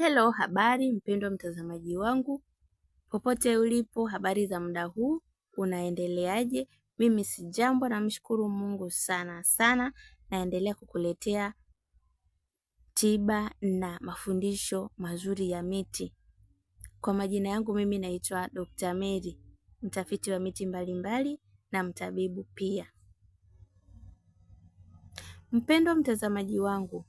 Hello, habari mpendwa mtazamaji wangu popote ulipo, habari za muda huu, unaendeleaje? Mimi si jambo, namshukuru Mungu sana sana. Naendelea kukuletea tiba na mafundisho mazuri ya miti. Kwa majina yangu mimi naitwa Dr. Mary, mtafiti wa miti mbalimbali mbali, na mtabibu pia. Mpendwa mtazamaji wangu,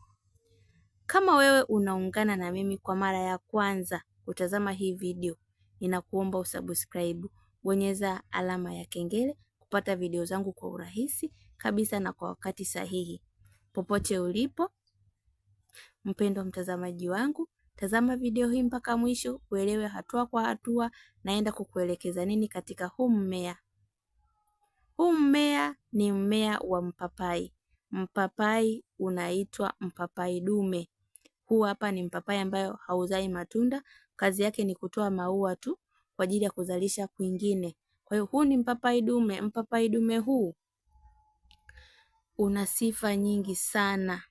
kama wewe unaungana na mimi kwa mara ya kwanza kutazama hii video, ninakuomba usubscribe, bonyeza alama ya kengele kupata video zangu kwa urahisi kabisa na kwa wakati sahihi. Popote ulipo mpendwa mtazamaji wangu, tazama video hii mpaka mwisho uelewe hatua kwa hatua naenda kukuelekeza nini katika huu mmea. Huu mmea ni mmea wa mpapai. Mpapai unaitwa mpapai dume. Huu hapa ni mpapai ambayo hauzai matunda. Kazi yake ni kutoa maua tu kwa ajili ya kuzalisha kwingine. Kwa hiyo huu ni mpapai dume. Mpapai dume huu una sifa nyingi sana.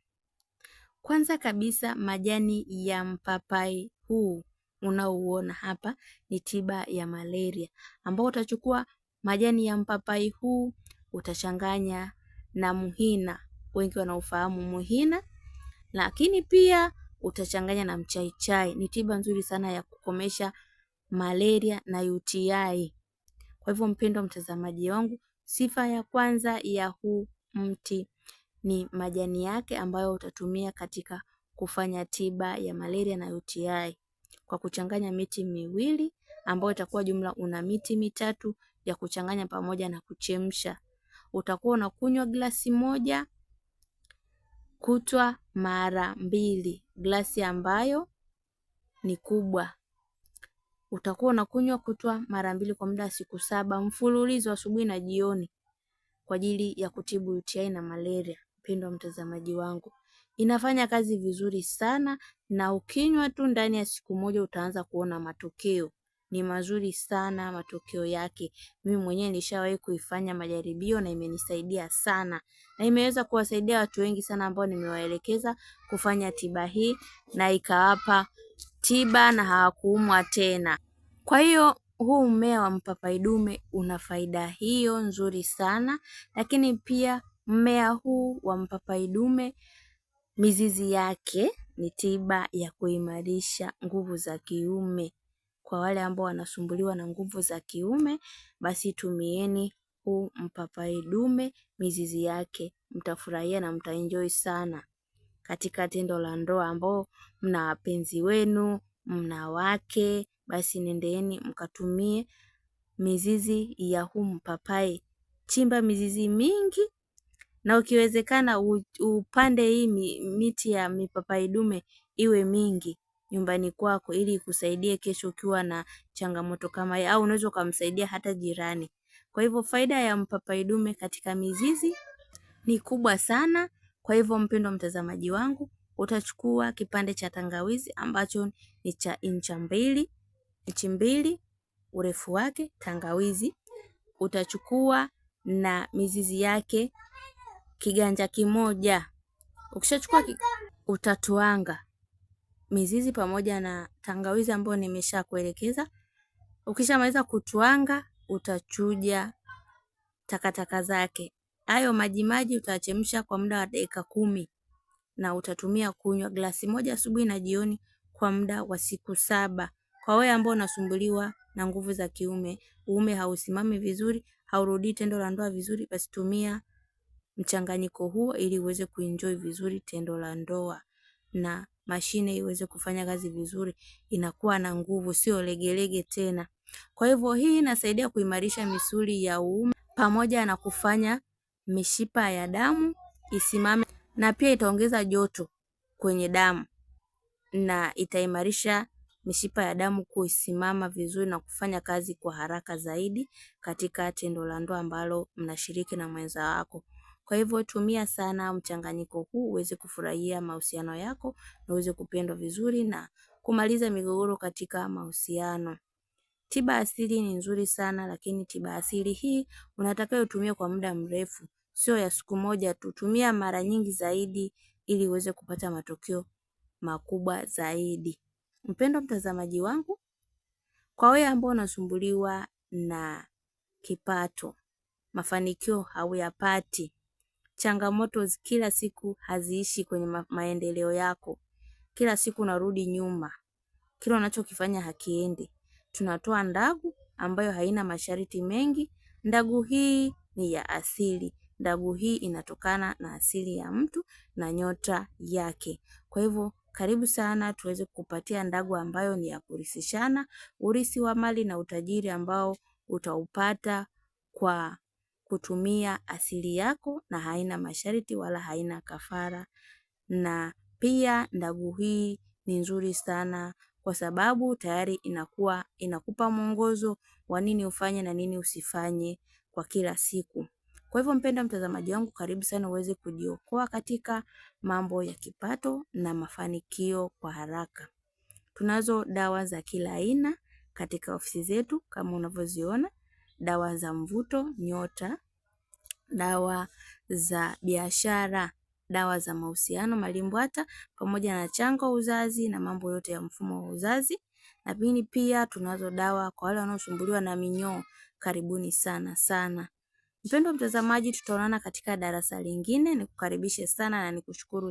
Kwanza kabisa majani ya mpapai huu unaouona hapa ni tiba ya malaria ambao utachukua majani ya mpapai huu utachanganya na muhina, wengi wanaufahamu muhina, lakini pia utachanganya na mchaichai. Ni tiba nzuri sana ya kukomesha malaria na UTI. Kwa hivyo, mpendwa mtazamaji wangu, sifa ya kwanza ya huu mti ni majani yake ambayo utatumia katika kufanya tiba ya malaria na UTI kwa kuchanganya miti miwili ambayo itakuwa jumla una miti mitatu ya kuchanganya pamoja na kuchemsha. Utakuwa unakunywa glasi moja kutwa mara mbili glasi ambayo ni kubwa. Utakuwa unakunywa kutwa mara mbili kwa muda wa siku saba mfululizo, asubuhi na jioni, kwa ajili ya kutibu UTI na malaria. Mpendwa mtazamaji wangu, inafanya kazi vizuri sana, na ukinywa tu ndani ya siku moja utaanza kuona matokeo ni mazuri sana matokeo yake. Mimi mwenyewe nishawahi kuifanya majaribio na imenisaidia sana, na imeweza kuwasaidia watu wengi sana ambao nimewaelekeza kufanya tiba hii na ikawapa tiba na hawakuumwa tena. Kwa hiyo huu mmea wa mpapai dume una faida hiyo nzuri sana, lakini pia mmea huu wa mpapai dume mizizi yake ni tiba ya kuimarisha nguvu za kiume. Kwa wale ambao wanasumbuliwa na nguvu za kiume, basi tumieni huu mpapai dume mizizi yake, mtafurahia na mtaenjoy sana katika tendo la ndoa. Ambao mna wapenzi wenu, mna wake, basi nendeeni mkatumie mizizi ya huu mpapai. Chimba mizizi mingi na ukiwezekana upande hii miti ya mipapai dume iwe mingi nyumbani kwako ili ikusaidie kesho ukiwa na changamoto kama hiyo, au unaweza ukamsaidia hata jirani. Kwa hivyo faida ya mpapai dume katika mizizi ni kubwa sana. Kwa hivyo mpendwa mtazamaji wangu, utachukua kipande cha tangawizi ambacho ni cha incha mbili, inchi mbili urefu wake, tangawizi utachukua na mizizi yake kiganja kimoja. Ukishachukua utatuanga mizizi pamoja na tangawizi ambayo nimeshakuelekeza. Ukishamaliza kutwanga, utachuja takataka zake. Hayo majimaji utachemsha kwa muda wa dakika kumi na utatumia kunywa glasi moja asubuhi na jioni kwa muda wa siku saba. Kwa wewe ambao unasumbuliwa na nguvu za kiume, uume hausimami vizuri, haurudii tendo la ndoa vizuri, basi tumia mchanganyiko huo ili uweze kuenjoy vizuri tendo la ndoa na mashine iweze kufanya kazi vizuri, inakuwa na nguvu, sio legelege tena. Kwa hivyo hii inasaidia kuimarisha misuli ya uume pamoja na kufanya mishipa ya damu isimame, na pia itaongeza joto kwenye damu na itaimarisha mishipa ya damu kusimama vizuri na kufanya kazi kwa haraka zaidi katika tendo la ndoa ambalo mnashiriki na mwenza wako. Kwa hivyo tumia sana mchanganyiko huu uweze kufurahia mahusiano yako na uweze kupendwa vizuri na kumaliza migogoro katika mahusiano. Tiba asili ni nzuri sana lakini tiba asili hii unatakiwa utumie kwa muda mrefu, sio ya siku moja tu. Tumia mara nyingi zaidi ili uweze kupata matokeo makubwa zaidi. Mpendwa mtazamaji wangu, kwa wewe ambao unasumbuliwa na kipato, mafanikio hauyapati, Changamoto kila siku haziishi kwenye ma maendeleo yako. Kila siku unarudi nyuma, kila unachokifanya hakiendi. Tunatoa ndagu ambayo haina masharti mengi. Ndagu hii ni ya asili. Ndagu hii inatokana na asili ya mtu na nyota yake. Kwa hivyo karibu sana tuweze kukupatia ndagu ambayo ni ya kurithishana, urithi wa mali na utajiri ambao utaupata kwa kutumia asili yako na haina masharti wala haina kafara. Na pia ndagu hii ni nzuri sana kwa sababu tayari inakuwa inakupa mwongozo wa nini ufanye na nini usifanye kwa kila siku. Kwa hivyo mpenda mtazamaji wangu, karibu sana uweze kujiokoa katika mambo ya kipato na mafanikio kwa haraka. Tunazo dawa za kila aina katika ofisi zetu kama unavyoziona dawa za mvuto nyota, dawa za biashara, dawa za mahusiano malimbwata, pamoja na chango uzazi na mambo yote ya mfumo wa uzazi. Lakini pia tunazo dawa kwa wale wanaosumbuliwa na minyoo. Karibuni sana sana. Mpendwa mtazamaji, tutaonana katika darasa lingine. Nikukaribishe sana na nikushukuru.